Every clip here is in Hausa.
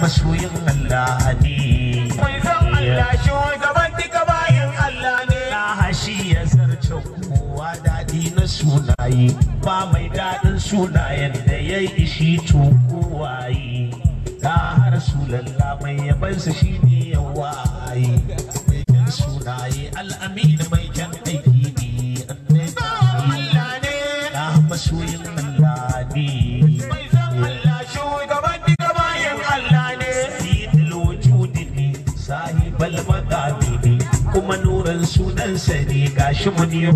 masoyin Allah ne mai zan Allah shi gaban duka bayin Allah ne na hashi ya zarce kowa daɗi na sunaye ba mai daɗin sunayen da ya ishi tukuwaye da har sulalla mai yabansa shi ne yawaye mai sunaye al'amin domin sunansa ne gashi mun yi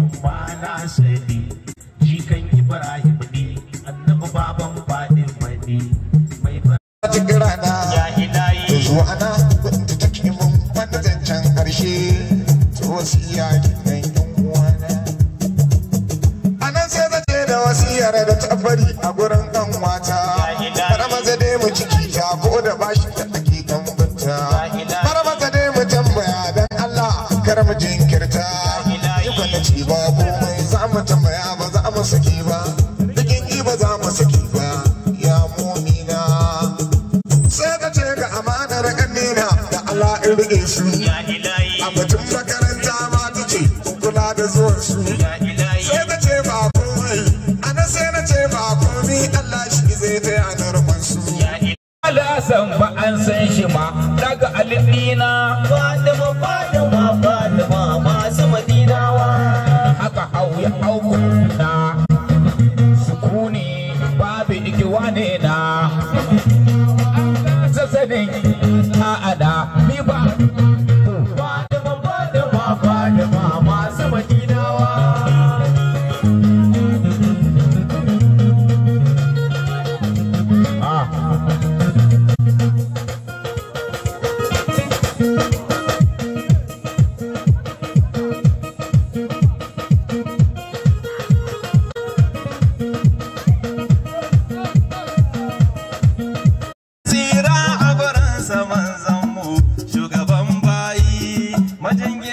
na sani jikan ibrahim ne annabi baban fadin mani mai fara ya ilahi to zuwa na ta take mun wanda zancan harshe to wasiya kinan yan uwana anan sai da wasiyar da ta a gurin kar mu jinkirta duka na ci ba komai za mu tambaya ba za mu saki ba dukin ki ba za mu saki ba ya mumina sai ka ce ga amanar kannina da Allah in rike su a batun makaranta ma ta ce kula da zuwan su sai ka ce ba komai ana sai na ce ba komai Allah shi zai ta yanar su Ala san ba an san shi ma daga alidina Fatima Fatima Wani na sassanin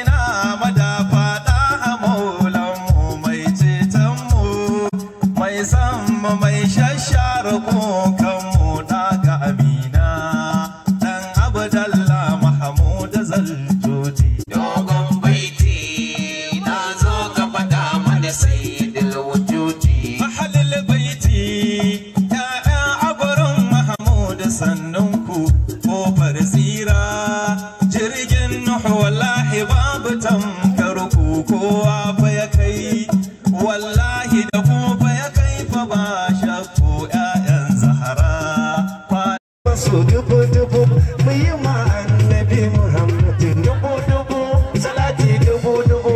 na so dubu dubu annabi muhammadu dubu dubu salati dubu dubu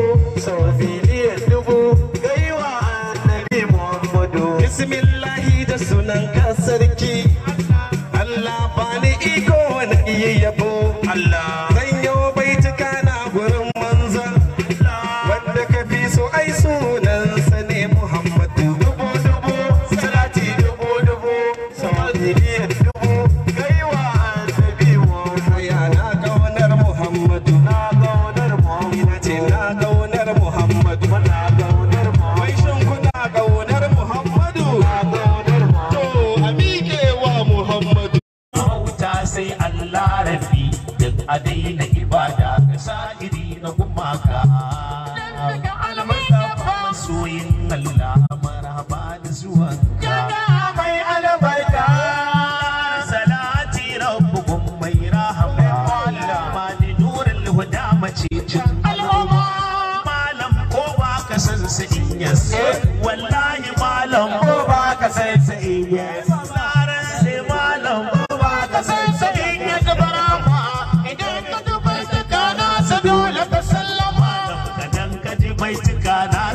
dubu annabi muhammadu bismillahi da sunan sarki bani iko na iya yabo allah sai Allah rafi duk a daina ibada Ka sa iri na gumaka daga almustafa soyin Allah marhaba da zuwan ka mai albarka salati rabbukum mai rahama Allah mali nurul huda mace cin al'umma malam ko ba ka san sa in yes eh. wallahi malam ba ka san sa in yes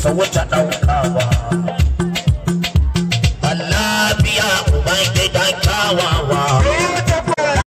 so wacce ɗaukawa